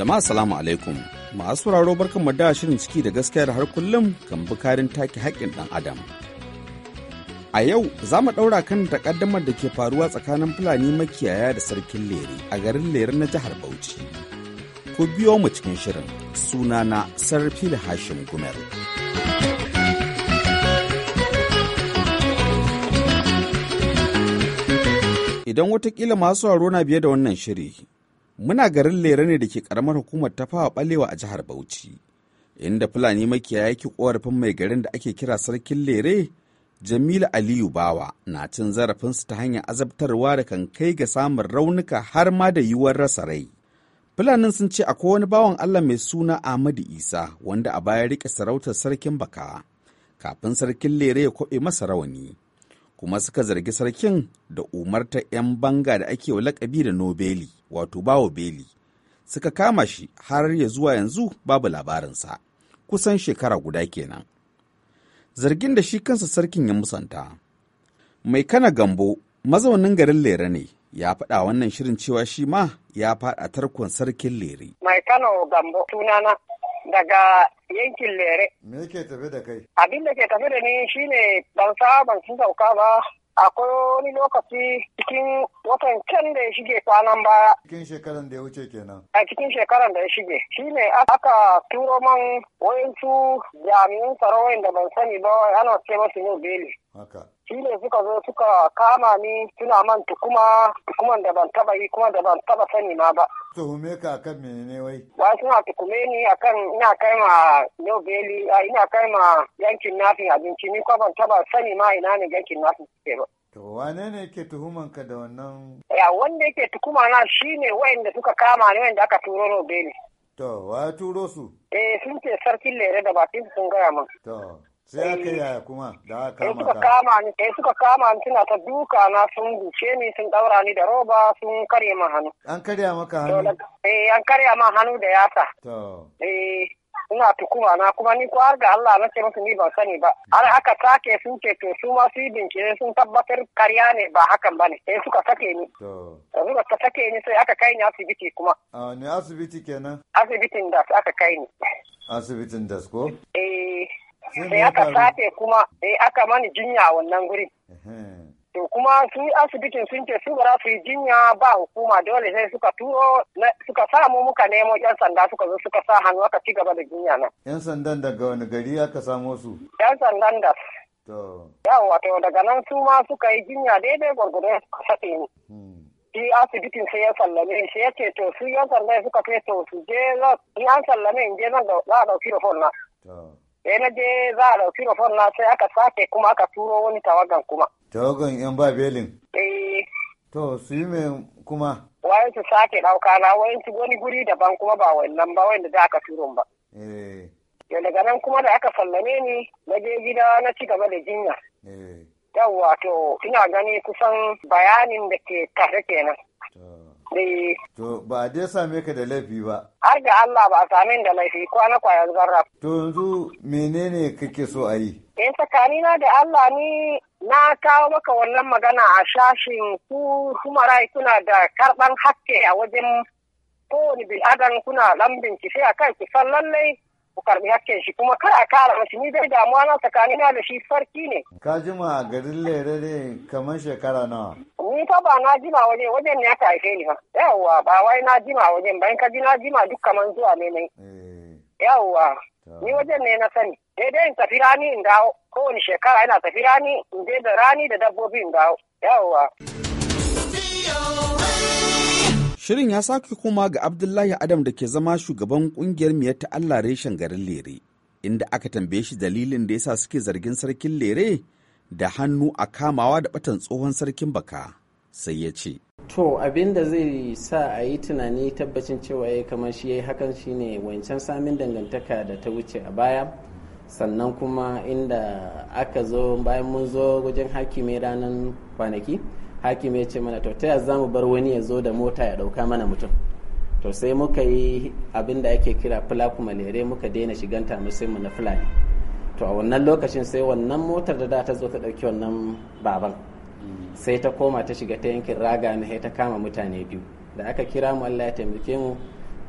Jama'a salamu alaikum. Masu sauraro barkan mu da shirin ciki da gaskiyar har kullum kan bukarin take haƙƙin ɗan adam. A yau za mu ɗaura kan takaddamar da ke faruwa tsakanin Fulani makiyaya da sarkin lere a garin lere na jihar Bauchi. Ku biyo mu cikin shirin sunana da Hashim gumer Idan watakila masu sauraro na biye da wannan shiri, muna garin lera ne da ke karamar hukumar ta fawa balewa a jihar bauchi inda fulani makiyaya yake korafin mai garin da ake kira sarkin lere jamilu aliyu bawa na cin zarafinsu ta hanyar azabtarwa da kan kai ga samun raunuka har ma da yiwuwar rasa rai fulanin sun ce akwai wani bawan allah mai suna ahmadu isa wanda a baya rike sarautar sarkin baka kafin sarkin lere ya kwaɓe masa rawani kuma suka zargi sarkin da umartar 'yan banga da ake wa lakabi da nobeli wato bawo beli suka kama shi har ya zuwa yanzu babu labarinsa kusan shekara guda kenan zargin da shi kansa sarkin ya musanta mai kana gambo mazaunin garin lere ne ya faɗa wannan shirin cewa shi ma ya faɗa tarkon sarkin lere mai kano gambo tunana daga yankin lere me yake tafe da kai abin da ke tafe da ni shine ban saba ban sun sauka ba akwai wani lokaci cikin watan can da ya shige kwanan baya. Cikin shekaran da ya wuce kenan. A cikin shekaran da ya shige. Shi ne aka turo man wayansu jami'in tsaro da ban sani ba ana ce masu yau beli. shi ne suka zo suka kama ni suna man tukuma tukuman da ban taba yi kuma da ban taba sani ma ba tuhume ka akan menene wai ba suna tukume ni akan ina kai ma no beli ina kai ma yankin nafin abinci ni kuma ban taba sani ma ina ne yankin nafin suke ba To wane ne ke tuhuman ka da wannan? Ya wanda yake tukuma na shine wayanda suka kama ni wayanda aka turo n'o beli. To wa turo su? Eh sun ce sarkin lere da ba sun gaya min. To sai aka yaya kuma da aka kama ka kama ni suka kama ni suna ta duka na sun buce ni sun daura ni da roba sun karya ma hannu an karya maka hannu eh an karya ma hannu da yasa to eh ina tukuma na kuma ni har ga Allah na ce musu ni ban sani ba har aka sake su ke to su ma su yi bincike sun tabbatar karya ne ba hakan bane sai eh, suka sake ni to suka ka sake ni sai aka kai ni asibiti kuma ah ne asibiti kenan asibitin da aka kai ni asibitin da ko eh sai aka sace kuma sai eh, aka mani jinya a wannan guri to kuma su asibitin sun ce su ba su yi jinya ba hukuma dole sai suka turo suka samu muka nemo yan sanda suka zo suka sa hannu aka ci gaba da jinya na yan sandan daga wani gari aka samo su yan sandan da yawa to daga nan su ma suka yi jinya daidai gwargwadon suka sace ni hmm. shi asibitin sai ya sallame shi ya ce to su yan sallame suka kai to su je in an sallame in je nan da za a ɗauki na sai eh, na je za a ɗauki rufon na sai aka sake kuma aka turo wani tawagan kuma. Tawagan yan ba belin? Eh. To su yi mai kuma? Wayan su sake ɗauka na wayan su wani guri daban kuma ba wannan ba wanda da aka turo ba. Eh. Da daga nan kuma da aka sallame ni na je gida na ci gaba da jinya. Eh. Yawwa to ina gani kusan bayanin da ke tare kenan. Eh. To ba a dai same ka da laifi ba. Har da Allah ba a same da laifi na kwaya zarra. To yanzu menene kake so a yi? In eh, tsakanina da Allah ni na kawo maka wannan magana a shashin ku kuma rai kuna da karɓan hakke a wajen kowane bil'adan kuna ɗan bincike a kan kisan lallai ku karbi hakken shi kuma kar a kara mashi ni zai damuwa na tsakanina da shi farki ne. Ka jima garin lere ne kamar shekara nawa. Ni fa ba na jima waje wajen ne aka haife ni fa. Yawwa ba wai na jima wajen bayan ka ji na jima duk kamar zuwa ne mai. Eh. Yawwa ni wajen ne na sani. Daidai in tafi rani in dawo kowane shekara ina tafi rani in je da rani da dabbobi in dawo. Yawwa. Shirin ya sake koma ga Abdullahi Adam da ke zama shugaban kungiyar miyar ta Allah reshen garin Lere, inda aka tambaye shi dalilin da ya sa suke zargin sarkin Lere da hannu a kamawa da batan tsohon sarkin baka. Sai ya ce. To abin da zai sa a yi tunani tabbacin cewa ya kamar shi ya yi hakan shine wancan samin dangantaka da ta wuce a baya. sannan kuma inda aka zo bayan mun zo wajen hakimi ranar kwanaki hakim ya ce mana to ta za mu bar wani ya zo da mota ya ɗauka mana mutum to sai muka yi abin da ake kira fulaku malere muka daina shiganta mu na fulani to a wannan lokacin sai wannan motar da da ta zo ta ɗauki wannan baban sai ta koma ta shiga ta yankin raga na ta kama mutane biyu da aka kira mu allah ya taimake mu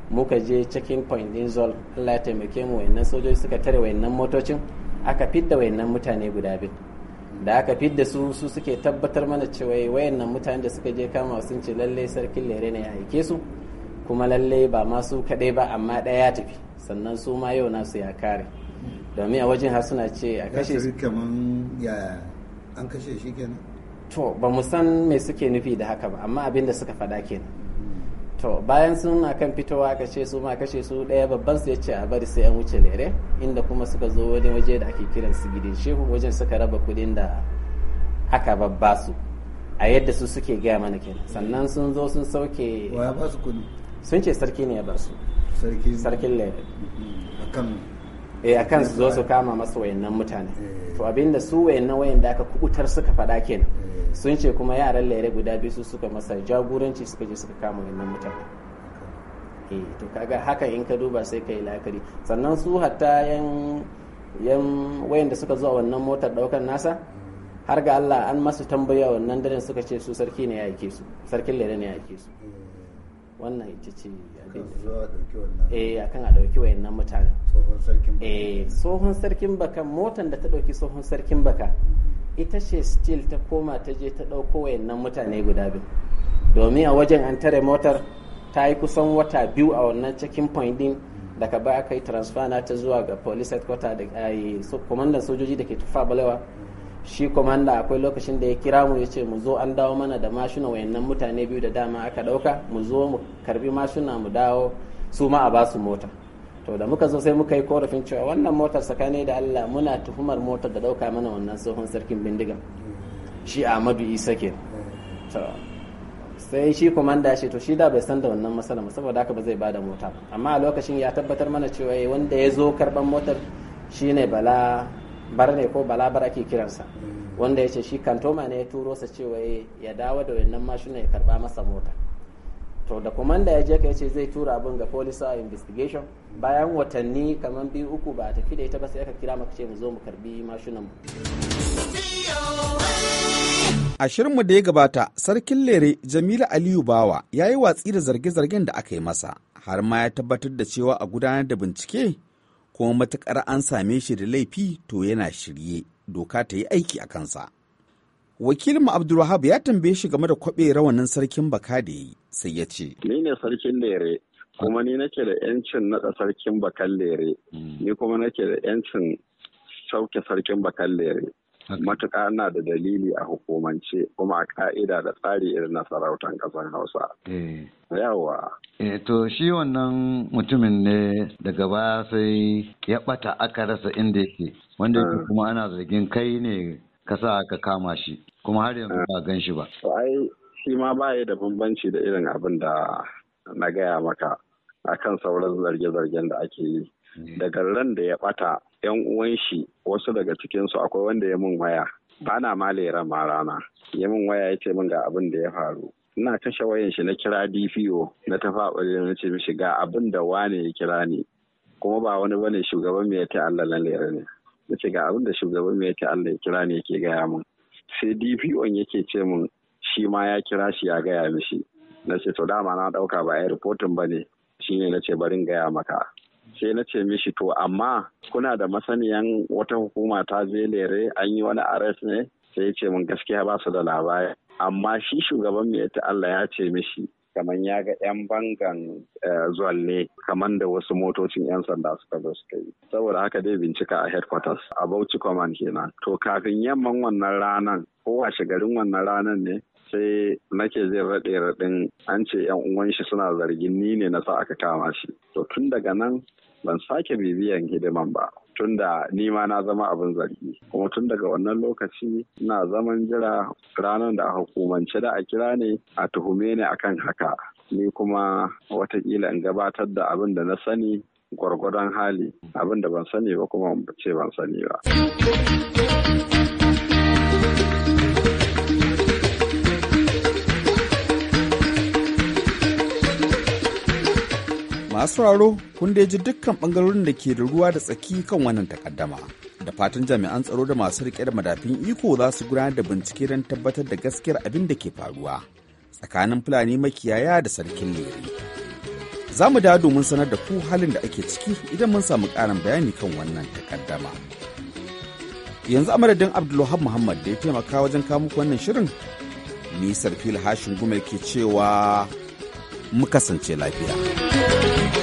muka je checking point din zol allah ya taimake mu wayannan sojoji suka tare wayannan motocin aka fidda wayannan mutane guda biyu da aka fidda su su suke tabbatar mana cewa wayannan mutane da suka je kama sun ce lalle sarkin lere ne ya aike su kuma lalle ba masu kaɗai ba amma ɗaya ya tafi sannan su ma yau nasu ya kare domin a wajen har suna ce a kashe su ya an kashe shi kenan to ba mu san me suke nufi da haka ba amma abin da suka faɗa kenan to bayan sun kan fitowa aka su ma kashe su ɗaya babban su ya ce a bari sai an wuce lere inda kuma suka zo wani waje da ake kiran su gidin shehu wajen suka raba kuɗin da aka babba su a yadda su suke gaya mana kenan sannan sun zo sun sauke sun ce sarki ne ya ba su sarkin lere eh kan su zo su kama masa wayannan mutane eh. to abinda su wayannan da aka kubutar suka faɗa kenan eh. sun ce kuma yaran lere guda biyu su suka masa jagoranci suka je suka kama wayannan mutane eh to kaga haka in ka duba sai ka yi la'akari sannan su hatta yan yan wayanda suka zo a wannan motar daukar nasa hmm. har ga Allah an masu tambaya wannan daren suka ce su sarki ne ya aike su sarkin lere ne ya aike su hmm. wannan ita ce eh akan a ɗauki wayannan mutane eh tsohon sarkin baka motan da ta dauki tsohon sarkin baka ita ce still ta koma ta je ta ɗauko wayannan mutane guda biyu domin a wajen an tare motar ta yi kusan wata biyu a wannan cikin point din daga baya ka yi transfer na ta zuwa ga police headquarter da kwamandan eh, sojoji da ke tufa balewa shi komanda akwai lokacin da ya kira mu ya ce mu zo an dawo mana da mashina wayannan mutane biyu da dama aka dauka mu zo mu karbi mashina mu dawo su ma a ba su mota to da muka zo sai muka yi korafin cewa wannan motar sakane da Allah muna tuhumar motar da dauka mana wannan tsohon sarkin bindiga shi Ahmadu Isa ke sai shi komanda shi to shi da bai san da wannan matsala saboda haka ba zai bada mota amma a lokacin ya tabbatar mana cewa eh, wanda ya zo karban motar shine Bala bar ne ko balabar ake kiransa wanda ya ce shi kantoma ne ya turo sa cewa ya dawo da wannan mashina ya karba masa mota to da komanda ya je ka ce zai tura abin ga police a investigation bayan watanni kamar biyu uku ba a tafi da ita ba sai aka kira maka ce mu zo mu karbi mashinan mu a mu da ya gabata sarkin lere jamila aliyu bawa ya yi watsi da zarge-zargen da aka yi masa har ma ya tabbatar da cewa a gudanar da bincike kuma matukar an same shi da laifi to yana shirye doka ta yi aiki a kansa. Wakilin Abdulwahab ya tambaye shi game da kwaɓe rawanin sarkin baka da yi sai ya ce. Ni ne sarkin lere kuma ni nake da yancin naɗa sarkin bakan lere hmm. ni kuma nake da yancin sauke sarkin bakan lere. matuƙa na da dalili a hukumance kuma a ka'ida da tsari irin na sarautan ƙasar hausa eh. yawa eh, to shi wannan mutumin ne daga baya sai ya ɓata aka rasa inda yake wanda eh. kuma ana zargin kai ne ka sa aka kama shi kuma har yanzu ba gan shi ba ai shi ma ba da bambanci da irin abin da na gaya maka akan sauran zarge-zargen da ake yi daga ran da ya ɓata 'yan uwan shi wasu daga cikinsu akwai wanda ya mun waya ba na ma lera ma rana ya min waya ya ce min ga abin da ya faru ina kashe wayan shi na kira DPO na tafaɓa na ce mishi ga abin da wane ya kira ni kuma ba wani bane shugaban mai yake Allah na lera ne na ce ga abin da shugaban mai ta Allah ya kira ni yake gaya min sai DPO yake ce min shi ma ya kira shi ya gaya mishi na ce to dama na ɗauka ba ai rifotin ba ne shine na ce barin gaya maka sai na ce mishi to amma kuna da masaniyan wata hukuma ta je lere an yi wani arrest ne sai ya ce mun gaskiya ba su da labari amma shi shugaban mai ta Allah ya ce mishi kamar ya ga 'yan bangan eh, zuwalle kamar da wasu motocin 'yan sanda suka zo suka yi saboda haka dai bincika a headquarters a bauchi command kenan to kafin yamman wannan ranan ko washe garin wannan ranan ne sai nake zai raɗe raɗin an ce yan uwan shi suna zargin ni ne na sa aka kama shi to tun daga nan ban sake bibiyan hidiman ba tunda ni ma na zama abin zargi kuma tun daga wannan lokaci na zaman jira ranar da a hukumance da a kira ne a tuhume ne akan haka ni kuma watakila in gabatar da abin da na sani gwargwadon hali abin da ban sani ba kuma ce ban sani ba. masu raro kun ji dukkan bangarorin da ke da ruwa da tsaki kan wannan takaddama da fatan jami'an tsaro da masu riƙe da madafin iko za su gudanar da bincike don tabbatar da gaskiyar abin da ke faruwa tsakanin fulani makiyaya da sarkin lere za mu da domin sanar da ku halin da ake ciki idan mun samu ƙarin bayani kan wannan takaddama yanzu amadadin abdulwahab muhammad da ya taimaka wajen kawo muku wannan shirin Ni sarfil hashin gumel ke cewa mu kasance lafiya. Thank you.